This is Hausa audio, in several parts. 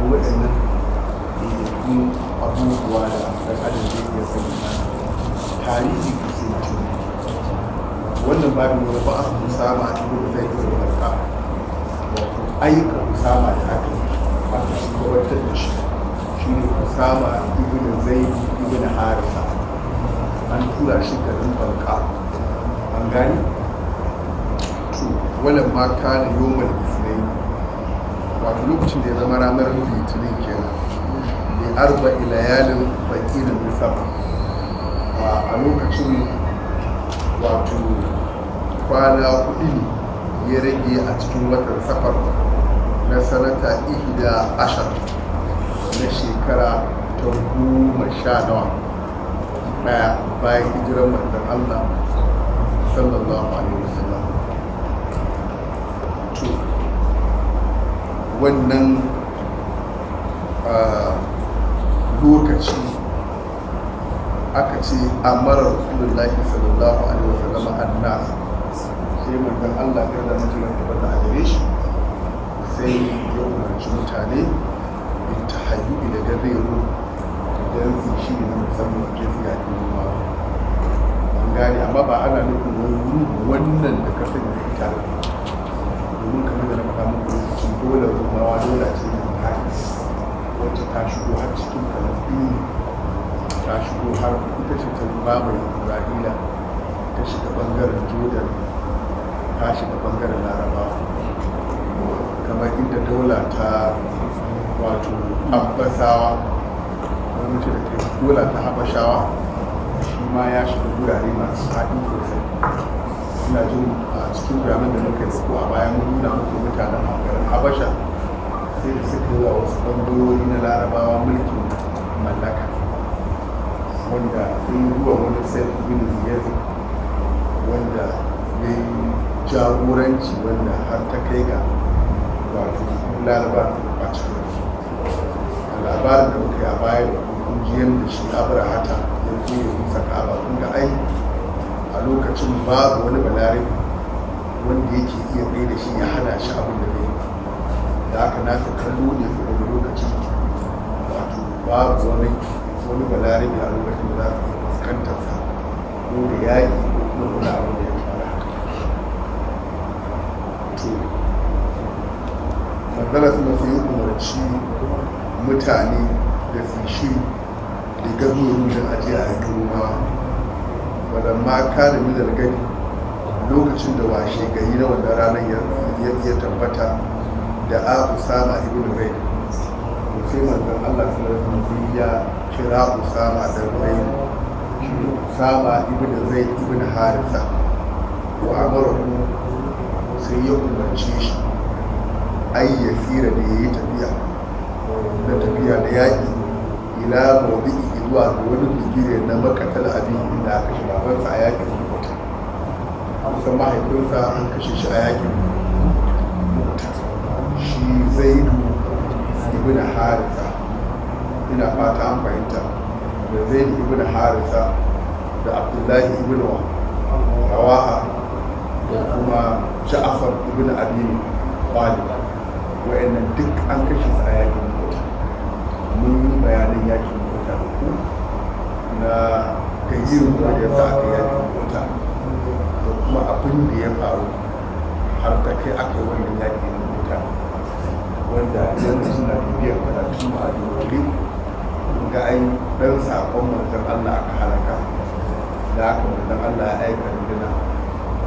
faɗi waɗannan ɗaiɗaikun abubuwa da ɗan da zai iya na tarihi da sai mutum wannan babin wani ba a su sama a cikin zai iya warka ayyuka ku sama da aka yi ta shi gabatar da shi shi ne ku sama ibn zai ibn harisa an tura shi garin barka an gani to wannan ma kana yomar isnai wato lokacin da ya zama ranar litinin kenan da arba ilayalin bakilin da musamman a lokacin wato kwana hudu ne ya rage a cikin watan safar na sanata ihida ashar na shekara ta goma sha nawa bayan hijirar manzon allah sallallahu alaihi wasallam wannan lokaci aka ce a mara rasulullahi sallallahu alaihi wasallam annas sai manzon Allah ya da mutum ya tabbata ta gare shi sai ya umarci mutane in tahayyu da gazeru don su shi ne na musamman ke su ke ruwa an gane amma ba ana nufin wani wannan da ka da ita domin kamar da na faɗa muku dole rumawa dole ce da paris wacce ta shigo har cikin palestine ta shigo har ita ce ta mai isra'ila ta shiga bangaren jordan ta shiga bangaren larabawa kamar inda dola ta wato abbasawa wani mutu da ke dola ta habashawa shi ma ya shiga gurare masu haɗin sosai suna jin a cikin bayanan da muka yi a bayan nuna muku mutanen garin habasha sai da suka yi wa wasu ɓangarori na larabawa mulkin mallaka wanda sun yi ruwa wani sai ibn ziyazin wanda ya yi jagoranci wanda har ta kai ga wato laraba a cikin su labarin da muka yi a baya da kungiyar da shi abrahata ya fi yi musa kaba kun da ai a lokacin babu wani balare wanda yake iya bai da shi ya hana shi abin da bai da aka na fi kallo ne fi wani lokaci wato babu wani wani balare a lokacin da za su iya fuskantar sa ko da yaƙi ko kuma wani abin da ya fara to magana su masu yi umarci mutane da fi shi da gazurin da ajiya a yi ma kare da gani lokacin da washe gari na wannan ranar ya tabbata da a usama ibn rai da sai manzon allah sallallahu ya kira usama da rai usama ibn zai ibn harisa Ko amara sai ya umarce shi ai ya tsira da ya yi tafiya na tafiya da yaƙi ila mawdi'i zuwa ga wani bigire na makatar abin inda aka shi babansa a yakin mota kusan mahaifinsa an kashe shi a yakin mota shi zai zaidu ibn harisa ina fata an fahimta da zai zaidu ibn harisa da abdullahi ibn rawaha da kuma ja'afar ibn abin bali wa'annan duk an kashe su a yakin mota mun yi bayanin yakin na gangirin kuma da ya sa yi yaki mota da kuma abin da ya faru har ta kai aka yi wannan yaki na mota wanda yanzu suna bibiyar karatu a dokiri ga ai dan sakon manzon Allah aka halaka da aka manzon Allah ya aika rundunar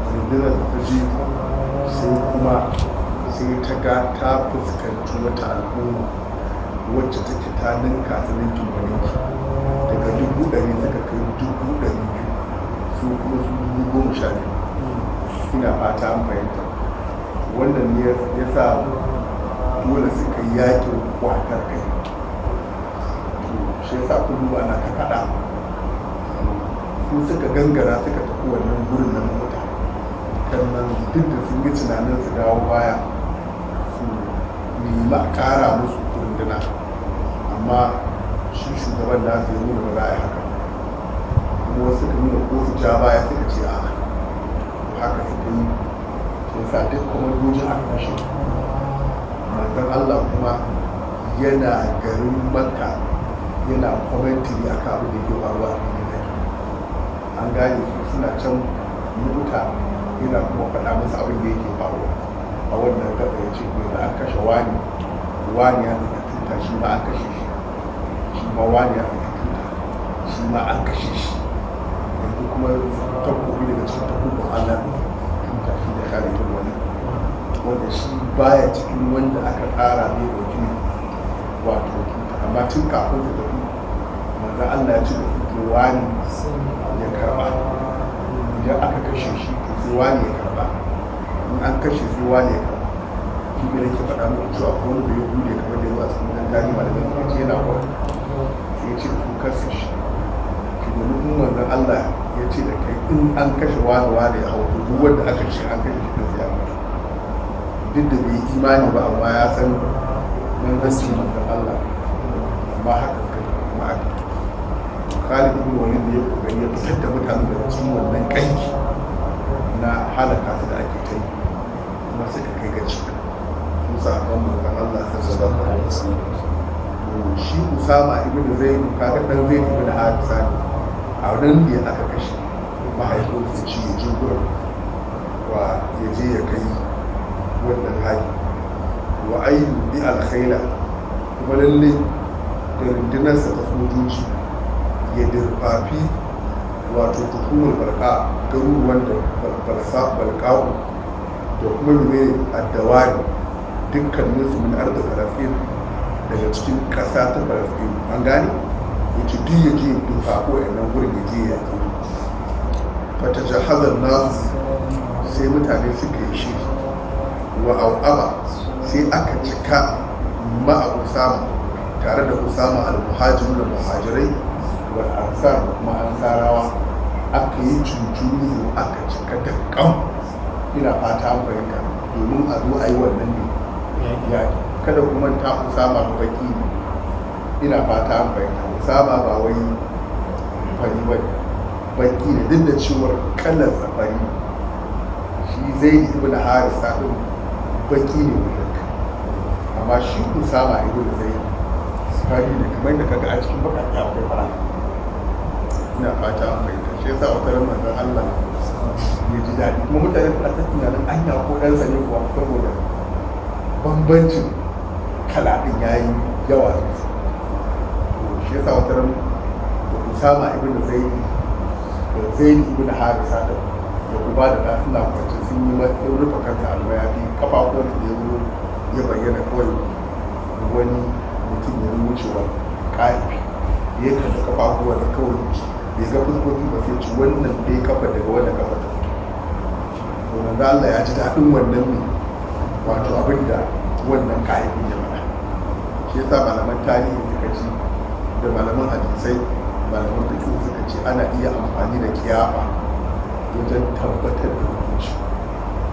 rundunar ta ji sai kuma sai ta ga ta fuskanci wata al'umma wacce take ta ninka ta ninkin daga dubu ɗari suka kai dubu ɗari biyu su kuma su dubu goma sha biyu suna fata an fahimta wannan ne ya sa dole suka yi yakin kwatar kai shi yasa kudu ba na ta faɗa su suka gangara suka tafi wannan gurin nan mota kan nan duk da sun yi tunanin su dawo baya su nema kara musu kundina amma shugaban da su nuna ba za a yi haka kuma wasu suka nuna ko su ja baya suka ce a haka suka yi sun sa duk kuma dojin a kashe manzon allah kuma yana garin makka yana kwamantiri a kabin da ke faruwa a cikin yaki an gane su suna can mota yana kuma faɗa musu abin da yake faruwa a wannan gaba ya ce da an kashe wani wani ya nuna tunta shi ba an kashe amma wani ya ɗauki shi ma an kashe shi yanzu kuma takobi daga cikin takobin allah ne tuta shi da kare ta wani wanda shi baya cikin wanda aka tsara ne ɗauki wato tuta amma tun kafin ta tafi manzan allah ya ci da tuta wani ya karɓa idan aka kashe shi to sai wani ya karɓa in an kashe sai wani ya karɓa shi ne ke faɗa muku cewa ko wani da ya bude kamar da ya zuwa cikin dan gani malamai ce yana kwa ce ku kashe shi ki domin in manzon Allah ya ce da kai in an kashe wani wani a hau duk wanda aka ce an kashe shi da zai mutu duk da bai imani ba amma ya san nan gaske da Allah amma haka kai kuma aka Khalid ibn Walid ya kokari ya fitar da mutane daga cikin wannan kanki na halaka su da ake ta kuma suka kai gaci musa a kan manzon Allah sallallahu alaihi wasallam Sama usama ibn zaid kaga dan zaid ibn harisa ne a nan ne aka kashe mahaifin su ci ya je gurin wa ya je ya kai wannan hali wa ayyu bi alkhaila kuma lalle da rundunarsa ta sojoji ya dirfafi wato hukumar barka garuruwan da balkaku da kuma mene addawari dukkaninsu min arda farafin daga cikin ƙasa ta palestine an gane yake ci ya je duka ko ya nan wurin ya je ya yaƙi fata jahazar nasu sai mutane suka yi shi wa au'aba sai aka cika ma'a usama tare da usama al-muhajiru da muhajirai wa ansar kuma ansarawa aka yi cucuru aka cika da kan ina fata an fahimta domin a zo a yi wannan ne yaƙi kada ku saba usama baki ina fata an bayyana usama ba wai fari ba baki ne duk da cewar kalar safari shi zai yi ibn harisa ɗin baki ne wurin amma shi usama da zai safari ne kamar da kaga a cikin ta akwai fara ina fata an bayyana shi yasa wata ran manzon Allah ya ji daɗi kuma mutane suna ta an anya ko ɗansa ne kuwa saboda bambancin kala din ya yi yawa to shi yasa wata ran usama ibn zaini da zaini ibn harisa da ya kuma da nasu na kwanci sun yi matsayin rufe kansa almayafi kafafuwan da ya wuro ya bayyana kawai wani mutum ya wucewa ƙa'ibi ya kasa kafafuwan da kawai bai ga fuskoki ba sai ci wannan dai kafa daga wani kafa ta fito to Allah ya ji daɗin wannan ne wato abin da wannan kayan ya shi yasa malaman tarihi suka ci da malaman hadisai malaman fiqh suka ce ana iya amfani da kiyama wajen tabbatar da hukunci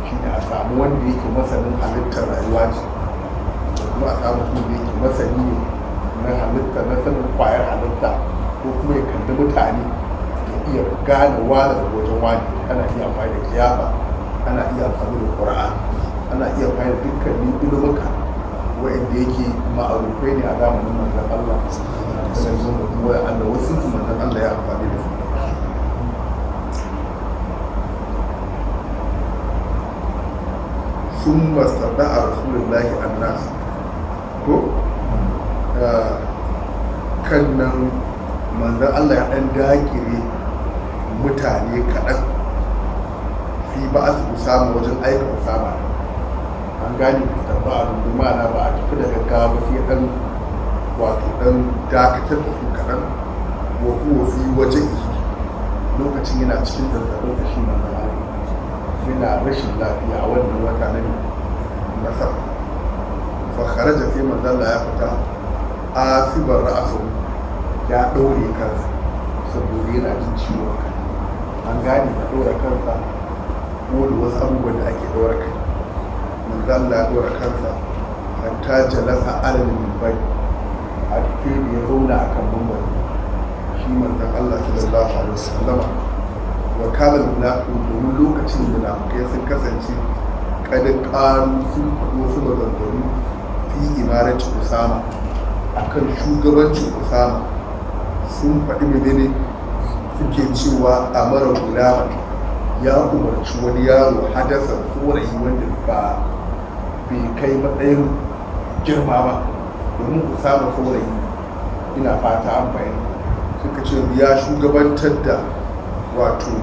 shi ne a samu wanda yake masanin halittar rayuwa ce kuma a samu kuma da yake masani na halitta na sanin kwayar halitta ko kuma ya kalli mutane ya iya gane wani da wajen wani ana iya amfani da kiyama ana iya amfani da ƙura'a ana iya amfani da dukkan ilimuka wa'anda yake ma'arufai ne a zamanin manzan Allah sai kuma kuma Allah wasu su manzan Allah ya amfani da su sun mastada a rasulullahi annas ko ah, kan nan manzan Allah ya ɗan dakire mutane kaɗan fi ba su samu wajen aika usama an gane da ba a runguma na ba a tafi da gaggawa ba sai dan wato dan dakatar da su kaɗan Wofi-wofi wajen wajen lokacin yana cikin zazzabin da shi manzan yana rashin lafiya a wannan wata na nasar fakara da sai manzan ya fita asibar ra'asu ya ɗaure kansa saboda yana jin ciwon kai an gane da ɗora kansa ko da wasu abubuwan da ake ɗora kai manzo Allah ya dora kansa hatta jalasa alal minbar har sai da ya zauna akan mimbar shi manzo Allah sallallahu alaihi wasallama wa kana munafiqun domin lokacin munafikai sun kasance kadin ƙaru sun faɗo su maganganu fi imarati usama akan shugabancin usama sun faɗi menene suke cewa a mara gulama ya umarci wani yaro hadasa tsorayi wanda ba bai kai matsayin girma ba domin ku samu saurayi ina fata an bayan suka ce ya shugabantar da wato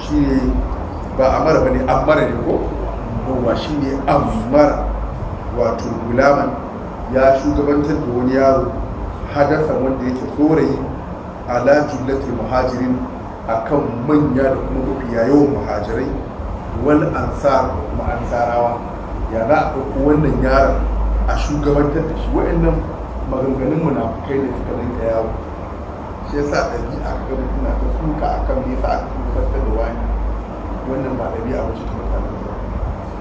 shi ne ba a mara bane an mara ne ko ba shi ne an mara wato gulaman ya shugabantar da wani yaro hadasa wanda yake saurayi ala jullatul muhajirin kan manya da kuma mafiya yawan muhajirai wal ansar ma'ansarawa ya za a ɗauko wannan yaron a shugabantar da shi wa'annan maganganun munafukai ne suka rinka yawo shi yasa ɗabi'a ka ga mutum na ta suka kan me yasa aka shugabantar da wani wannan ba ɗabi'a a ce ta mutane ba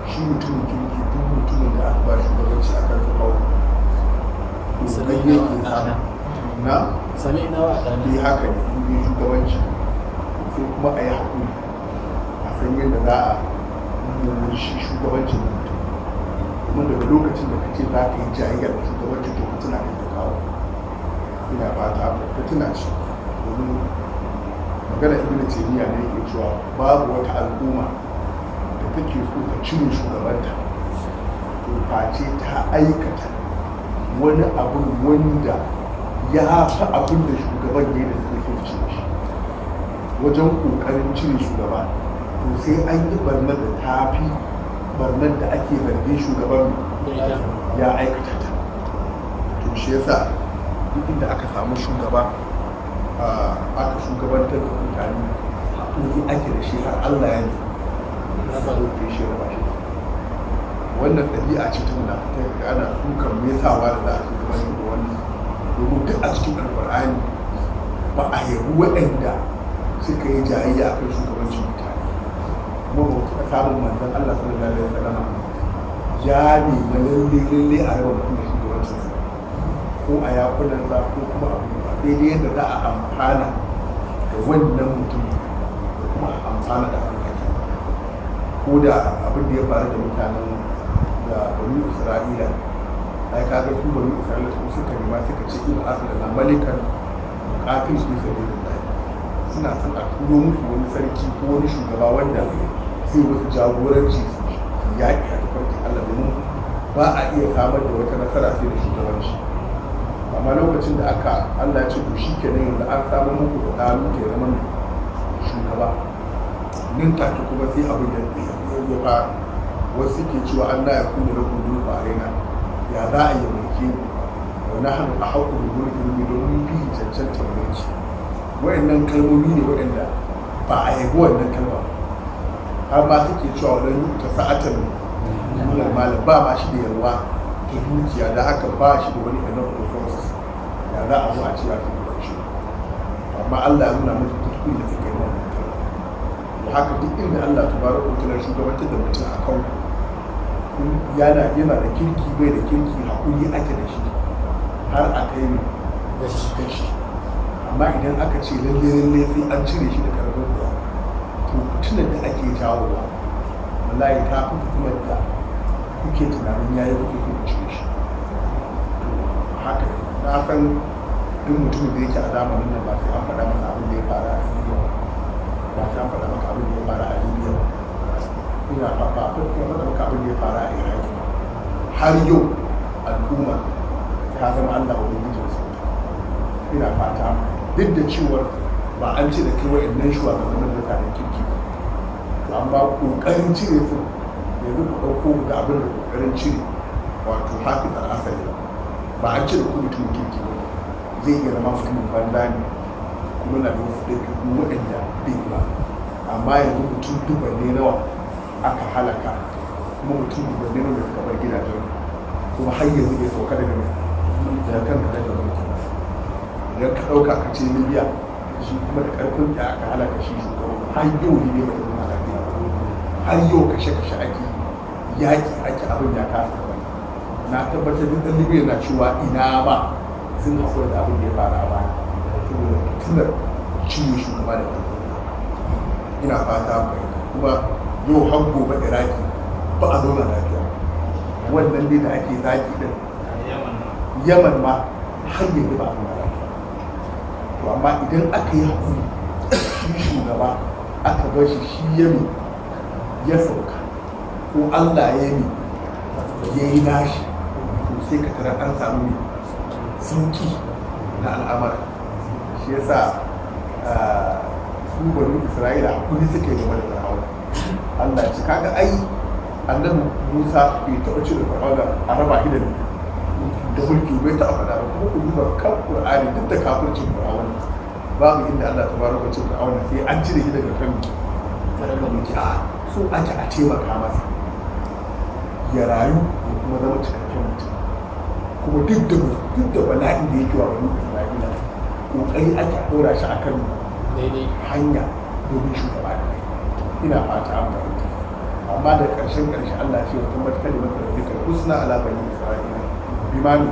shi mutum kirki duk mutumin da aka ba shugabanci a kan kawo musulmai ne ke na sami na wa ɗana ne haka ne shugabanci sai kuma a yi haƙuri a san yadda za a yi shi shugabancin kuma daga lokacin da kake za ka yi jayayya da shugabanci to ka tuna da kawo ina ba ta ka tuna shi domin magana ibn taymiya ne yake cewa babu wata al'umma da take so ta cire shugabanta to face ta aikata wani abun wanda ya fi abin da shugaban ne da suke so cin shi wajen ƙoƙarin cire shugaba to sai an yi barna da ta barnar da ake zargin shugaban ya aikata ta to shi yasa duk inda aka samu shugaba aka shugabantar da mutane haƙuri ake da shi har Allah ya ne na ba doke shi ba shi wannan ɗabi'a ce ta yi ga ana dukan mesawa da za a shugabantar da wannan domin duk a cikin alƙur'ani ba a yabi waɗanda suka yi jayayya akan shugabancin mutane mahu sabon manzan Allah sallallahu alaihi wasallam jami na lalle lalle a yawan mutum da shugabancin sa ko a yakunan sa ko kuma a kuma sai dai yadda za a amfana da wannan mutum da kuma a amfana da abin kake ko da abin da ya faru da mutanen da bani isra'ila ai kaga su bani isra'ila su suka nema suka ce ina asali na malikan kafin su ne sabbin suna son a turo musu wani sarki ko wani shugaba wanda zai wasu jagoranci su yaƙi a tafarkin Allah domin ba a iya samar da wata nasara sai da shugabanci amma lokacin da aka Allah ce ku shi ke nan yanzu an samar muku da ɗanu ke zama shugaba nin take kuma sai abin da ya fara wasu ke cewa an ya kuma da kudu ba raina ya za a yi mulki wani hannu a haƙu da mulki ne domin bi cancantar mulki waɗannan kalmomi ne waɗanda ba a yi wannan kalma ba har ba suke cewa wadannan ta sa'atan nuna malam ba ma shi da yarwa ta dukiya da haka ba shi da wani kanan resources ya za a zo a ci a kan shi amma Allah ya nuna musu kuskure da suka yi wannan da haka duk inda Allah ta baro kotunar shugabantar da mutum a kan yana yana da kirki bai da kirki haƙuri ake da shi har a kai da shi amma idan aka ce lalle lalle sai an cire shi da karfin to da ake ba wallahi ta fi kuma da kuke tunanin yayi kuke kuke shi haka na san duk mutumin da yake a zamanin nan ba sai an faɗa masa abin da ya fara a siriya ba sai an faɗa maka abin da ya fara a libya ina ba ba abin da faɗa maka abin da ya fara a iraki har yau al'umma ta zama allah ubangijinsu ina fata duk da cewar ba an ce da wa wa'annan shugabannin mutanen kirki ba to an ba kokarin cire su yanzu ku ɗauko ga abin da kokarin cire wato da asali ba an ce da ku mutum kirki ba zai iya zama mun banda ne kuma na da wasu ɗabi'u wadanda bai ba amma yanzu mutum duba ne nawa aka halaka kuma mutum duba ne nawa da bar bar gidajen kuma har yanzu bai sauka daga mai da kan kare da mutum idan ka ɗauka ka ce miliyan shi kuma da karfin da aka halaka shi shugaban har yau ne ba ta zama lafiya har yau kashe kashe ake yaƙi ake abin ya kasa ba na tabbatar da ɗan libya na cewa ina ba sun haƙura da abin da ya fara ba saboda tunar cinye shugaba da ƙarfi ina fata mai kuma yau har gobe iraki ba a zauna lafiya wannan ne da ake zaki din yaman ma har yanzu ba a zauna amma idan aka yi hakuri shi shugaba aka bar shi shi ya ya sauka ko allah ya mi ya yi nashi to sai ka tara an samu ne sauki na al'amara shi sa ah, su banu isra'ila kudi suka yi game da fir'auna allah ci kaga ai annabi musa bai taɓa cire fir'auna da raba idan da mulki bai ta faɗa ba kuma ku duba kan qur'ani duk da kafircin ba babu inda Allah ta baraka ce fir'aun sai an cire shi daga kan daga mulki a so ji a taimaka masa ya rayu ya kuma zama cikakken mutum kuma duk da duk da bala'in da yake wa wani isra'ila kokari ake ɗora shi akan hanya domin shugaba da ina fata an amma da ƙarshen ƙarshe Allah ya ce wa tabbatar da mutum da husna ala bani isra'ila imani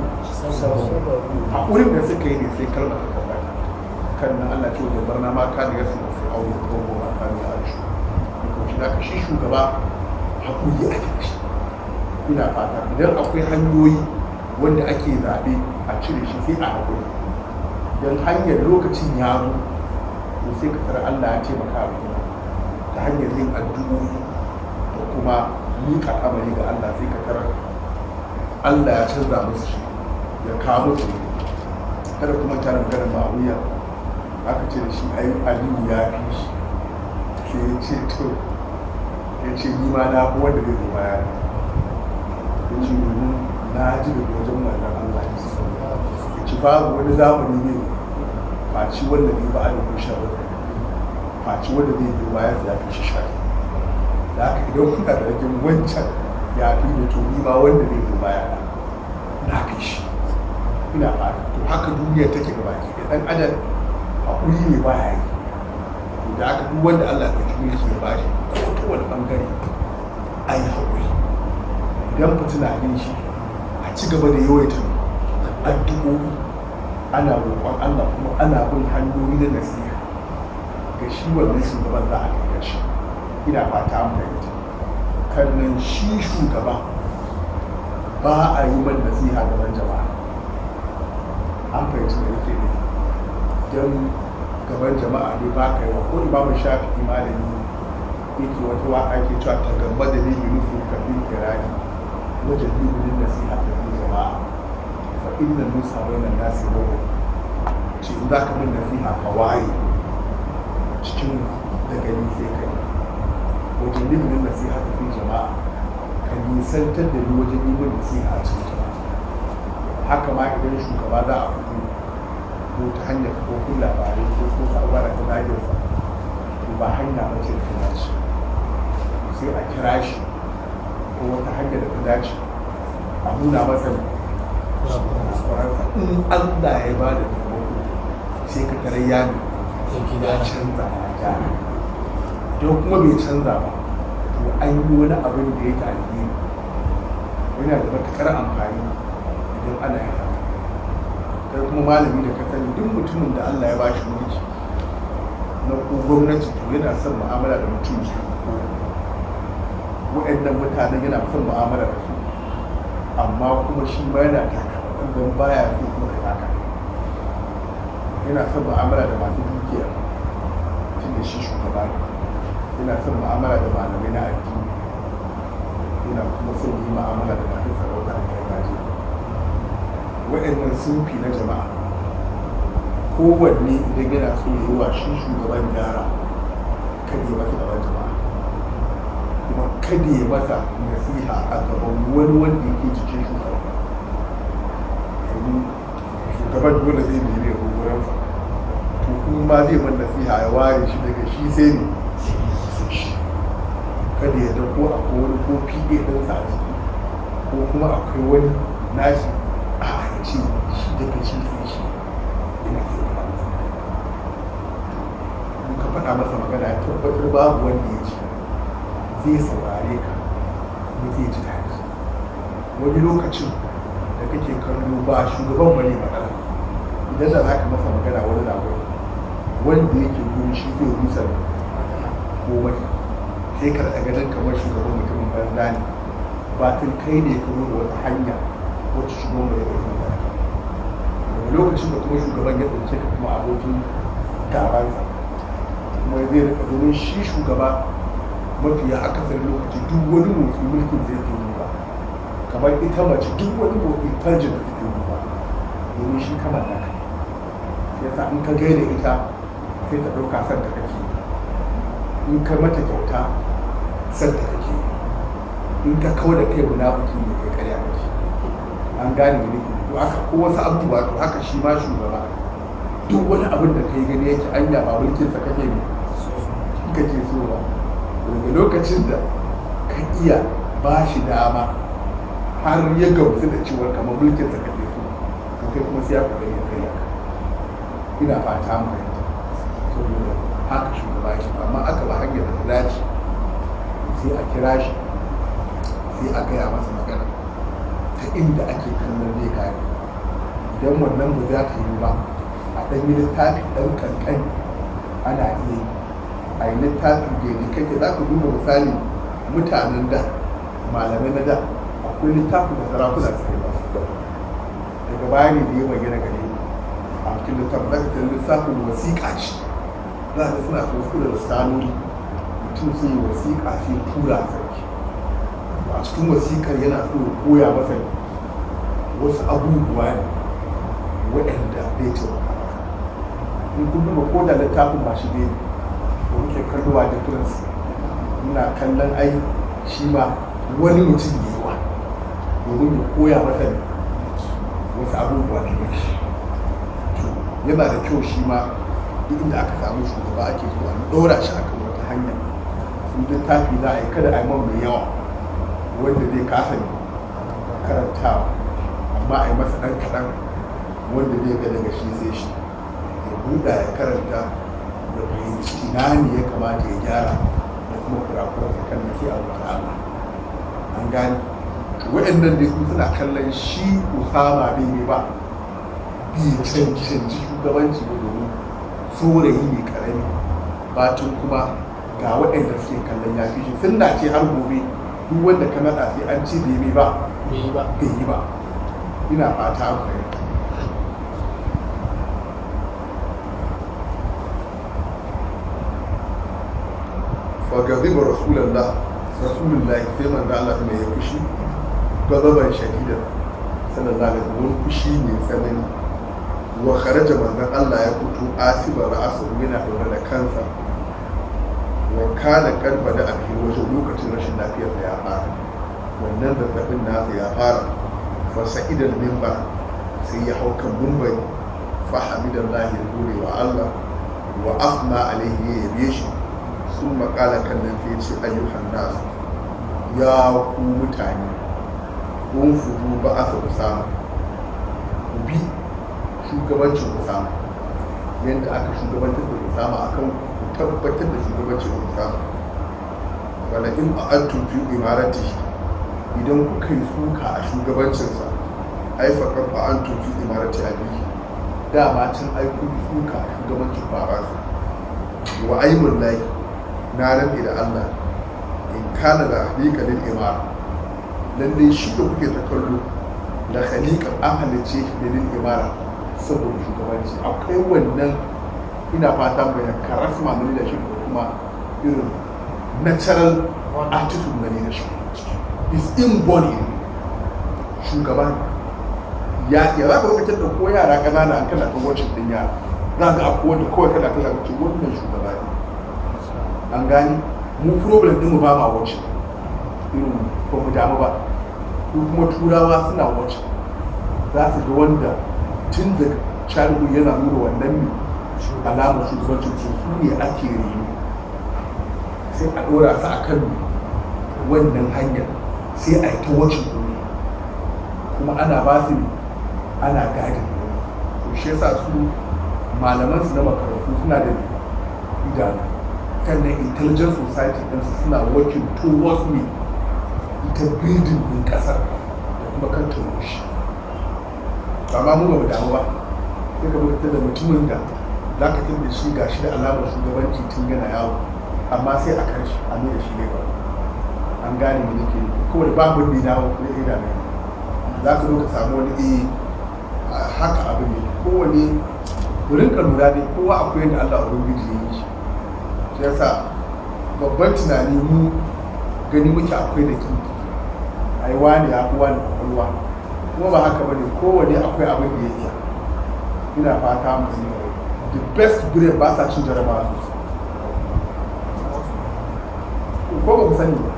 a wurin da suka yi ne sai kalmar ta tabbata kan na Allah ke bar na ma ka da yasu sai aure ko ma ka da arshu ko shi da shugaba hakuri a cikin ina fata idan akwai hanyoyi wanda ake zaɓe a cire shi sai a hakuri don hanyar lokacin ya zo to sai ka tara Allah ya taimaka a ta hanyar yin addu'o'i da kuma miƙa amari ga Allah sai ka tara allah ya canza musu shi ya kawo su kada kuma tare maganar ma'auya aka ce da shi ai aliyu ya fi shi Ke ya ce to ya ce ni ma na da zai zo baya ya ce domin na ji da wajen wanda allah ya ce babu wani zamani ne faci wanda ne ba a da sha ba faci wanda yi bayan da ya fi shi shari. da aka idan kuna da rikin wancan ya fi mutum to ni ma wanda zai zo baya ba na kai shi ina fata to haka duniya take gaba ke da dan adam hakuri ne ba ya yi to da haka duk wanda Allah ya ji mulki ya bashi ko ta wani bangare ai hakuri idan tuna ne shi a ci gaba da yawaita addu'o'i ana roƙon Allah kuma ana bin hanyoyi na nasiha ga shi wannan shugaban za a kai shi ina fata mu Kannan shi shugaba ba a yi man nasiha gaban jama'a an fahimci da nake ne don gaban jama'a ne ba ka yi wa ba mu shafi malami yake wata waka ke cewa ta gaba da ne yunufu kafin kirani wajen dubinin nasiha ta fi jama'a fa inna musa nan nasi rawu ce in za ka min nasiha ka waye cikin daga ni sai ka wajen yi min nasiha ta fi jama'a ka nisantar da ni wajen yi min nasiha a cikin jama'a haka ma idan shugaba za a fito ko ta hanyar kafofin labarai ko ko sa'uwa da ta zagirsa to ba hanya ba ce ta dace sai a kira shi ko wata hanya da ta dace a nuna masa in Allah ya ba da taimako sai ka tarar ya canza a gyara don kuma bai canza ba to an yi wani abin da yake alheri yana da matakar amfani idan ana yi kai kuma malami da ka sani duk mutumin da Allah ya bashi mulki na ko gwamnati to yana son mu'amala da mutum su wa'annan mutanen yana son mu'amala da su amma kuma shi ma yana taka don baya so kuma ka taka yana son mu'amala da masu dukiya tun da shi shugaba ne ina son mu'amala da malamai na addini ina kuma son yi mu'amala da masu sarauta da gargajiya waɗannan sun fi na jama'a kowanne idan yana so ya yi wa shi shugaban gyara kada ya masa gaban jama'a kuma kada ya masa nasiha a gaban wani wanda yake cikin shugaban shugaban dole zai nemi ya guguransa to kuma zai man nasiha ya ware shi daga shi sai ne kada ya da ko akwai wani ko fiye ɗan sa ko kuma akwai wani nashi a ce shi daga shi sai shi yana ke da in ka faɗa masa magana ya tabbatar babu wanda ya ci zai saurare ka kuma zai ji daɗi wani lokacin da kake kallo ba shugaban bane magana idan da za ka masa magana wani labari wanda yake gumi shi zai rusa komai kai ka da ganin kamar shugaban mutumin banza ne ba tun kai ne ka nuna wata hanya wata shugaban mai yau da daga lokacin da kuma shugaban ya tsince ka kuma abokin taransa kuma ya zai rika domin shi shugaba mafiya akasarin lokaci duk wani motsi mulkin zai ke yi ba kamar ita mace duk wani motsi farji da take yi ba domin shi ka naka yasa in ka gaida ita sai ta ɗauka son ta kake in ka mata kyauta sadda kake in ka kawo da kai munafiki ne kai karya kake an gane ne to aka ko wasu abubuwa to haka shi ma shugaba duk wani abin da kai gani yake ya ba mulkin sa kake ne kake so ba daga lokacin da ka iya ba shi dama har ya gamsu da cewa kamar mulkin sa kake so to kai kuma sai ya kokari ya karya ka ina fata mu saboda haka shugaba ba. amma aka ba hanyar da ta dace sai a kira shi sai a gaya masa magana ta inda ake kallon zai kare idan wannan ba za ta yi ba a ɗan yi littafi ɗan kankan ana iya yi a yi littafi yi kake za ka duba misali mutanen da malamai na da akwai littafin da sarakuna suka yi ba daga baya ne da yi gina gare a cikin littafin za ka littafin wasiƙa ce za ka suna kuma da sanuri mutum sai wasiƙa sai tura sarki a cikin wasiƙar yana so ya koya masa wasu abubuwa ne waɗanda bai taimaka masa in kun duba ko da littafin ba shi ne da muke kallowa da prince muna kallon ai shi ma wani mutum ne wa domin ya koya masa wasu abubuwa da ya shi yana da kyau shi ma duk inda aka samu shugaba ake zuwa na ɗora shi akan wata hanya in littafi za a yi kada a yi mai yawa wanda zai kasa Karanta, amma a yi masa ɗan kaɗan wanda zai ga daga shi zai shi ya buɗa ya karanta da fahimci ina ne ya kamata ya gyara da kuma kurakuran kan sai a wata Allah an gani waɗannan da suna kallon shi usama bai ne ba bi canji canji shugabanci ba domin tsorayi ne karami batun kuma ga waɗanda suke kallon ya fi shi sun na ce har gobe duk wanda ka naɗa sai an ci bai yi ba yi ba ina fata an fahimta fagazi ba rasulun da da sai manzo Allah mai ya fushi gazaban shadidan sannan na da wani fushi mai tsanani wa kharaja manzo Allah ya fito asibar asu mina da kansa wa kana karba da alhiwatu lokacin rashin lafiyar da ya fara wannan zazzabin nasa ya fara fasa idan mimba sai ya hau kan mumbai fa hamidan lahi gode wa allah wa asma alaihi ya yabe shi sun makala kan nan fiye ce ayyukan nasu ya ku mutane kun fudu ba a sa usama ku bi shugabancin usama yadda aka shugabancin da usama a kanku tabbatar da shugabancin musa wanda in a antum imarati idan kuka yi suka a shugabancinsa ai faqad a antum a imarati da dama can ai kun suka a shugabancin babansa wa aymul lahi na rabi da Allah in kana da halikalin imar imara lalle shi da kuke ta kallo da halikar ahalice da lil imara saboda shugabanci akwai wannan ina fata mai karas na leadership da shi kuma irin natural attitude na shi is in body. shugaban ya ya za ka lokacin da ko yara ƙanana an kana kan wacin din yara za ka akwai wanda kawai kana kan lokacin wannan shugaba ne an gani mu problem din mu ba ma wacin irin ko mu damu ba ko kuma turawa suna wacin za su ga wanda tun da charlie yana nuna wannan ne alamar shugabancin su su ne ake reno sai a ɗora su a kan wannan hanyar sai a yi ta wacin gobe kuma ana ba su ne ana gadi. to shi yasa su malaman su na makarantu suna da idanu kan nan intelligence society ɗinsu suna working towards ne ita building ɗin ƙasar da kuma kan tunanin shi amma mu ba mu damu ba sai ka mutu da mutumin da za ka tun da shi ga shi da alamar shugabanci tun yana yawo amma sai a karshe a nuna shi ne ba an gane me nake kuma da babu ne dawo ne ɗaya da mai za ka zo ka samu wani eh haka abu ne kowane wurin ka lura ne kowa akwai yadda Allah Ubangiji ya yi shi shi yasa babban tunani mu gani muke akwai da A yi wani ya kuwa da kwakwalwa kuma ba haka bane kowane akwai abin da ya iya ina fata mu the best grade ba sa cin jarabawa ko ba ku sani ba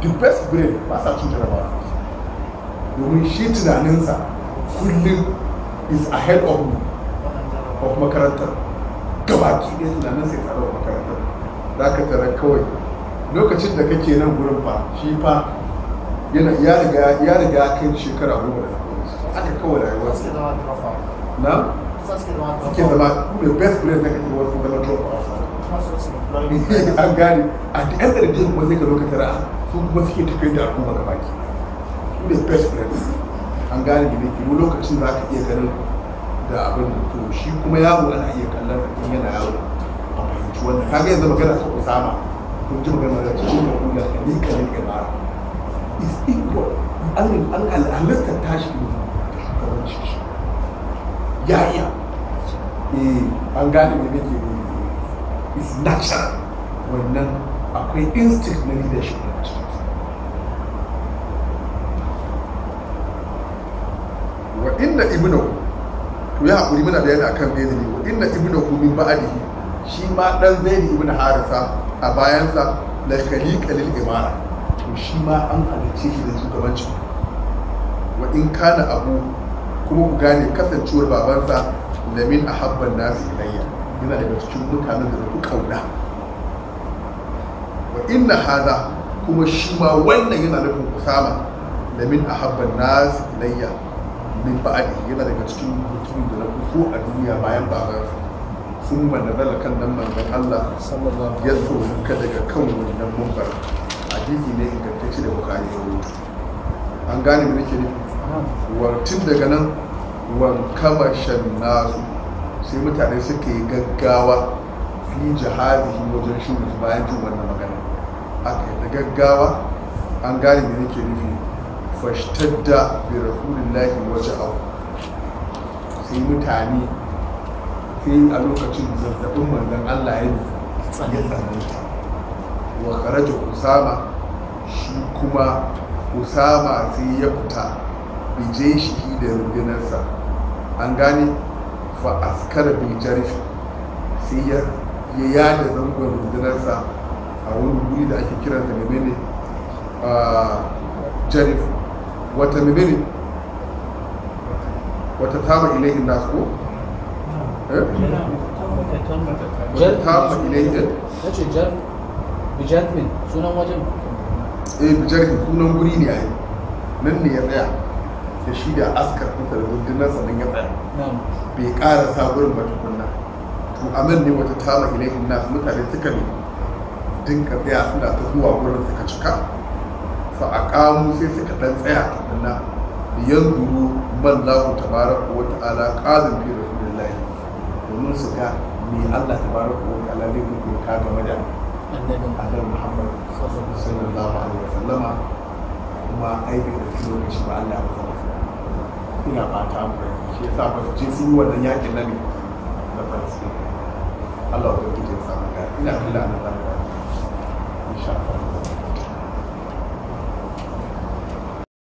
the best grade ba sa cin jarabawa domin shi tunaninsa kullum is ahead of me of makarantar gabaki ɗaya tunaninsa ya tsara makarantar za ka tara kawai lokacin da kake nan gurin fa shi fa yana ya riga ya riga kan shekara goma da aka kawai rayuwarsa na suke zama kuma the best player kuma wasu zama drop an gane a da yan kuma zai ka zo ka tara kuma suke tafiya da al'umma gaba ki su the ah, best player an gane da nake wani lokacin za ka iya ganin da abin da to shi kuma yaro ana iya kallon da yana yaro a fahimci wannan kaga yanzu magana ta usama kun ji magana da cikin da kuma ni ka ne ga is equal an halittar tashi ne ya iya eh, an gane me nake yi is natural wannan akwai instinct na leadership na wa inna ibnu to ya hakuri muna bayani akan bezini wa inna ibnu min ba'dihi shi ma dan zaini ibn harisa a bayansa la khaliqa imara to shi ma an halicce shi da shugabanci wa in kana abu kuma ku gane kasancewar babansa lamin a habban nasu ilayya yana daga cikin mutanen da ku kauna wa inna hada kuma shi ma wannan yana nufin ku usama lamin a habban nasu ilayya min ba'adi yana daga cikin mutumin da na so a duniya bayan babansa sun manazala kan nan manzon Allah ya sauka daga kan wannan mumbar hadisi ne ingantacce da bukari an gane mu nake nufi wartin daga nan wankama nasu sai mutane suka yi gaggawa fi jihadihi wajen shirin bayan jin wannan magana aka yi gaggawa an gane da nake nufi da bi rasulillahi wajen au sai mutane sai a lokacin zazzabin manzan allah ya tsaye wa karaja usama shi kuma usama sai ya fita je shi da rundunarsa an gane fa askara bil jarifi sai ya yada zangon rundunarsa a wani guri da ake kira da a jarif wata menene wata tama ilaihin nasu ko eh? wata tama ilaihin ce jar ne, sunan wajen eh bijarfin sunan guri ne a nan ne ya tsaya da shi da askar ɗinsa da nan sannan ya tsaya bai ƙara saburin ba tukunna to a nan ne wata tara ilahin nasu mutane suka ne dinka tsaya suna ta zuwa wurin suka cika fa a ƙamu sai suka ɗan tsaya tukunna yan duru man lahu tabaraka wa ta'ala ƙalin fi rasulillahi domin su ga me Allah tabaraka wa ta'ala zai hukunta game da annabi Muhammad sallallahu alaihi wa sallama. kuma aikin da shi ba Allah ya ina fata mu shi yasa ba su je sun yi wannan yakin na ne na farsi Allah ya ji sa ina kula na nan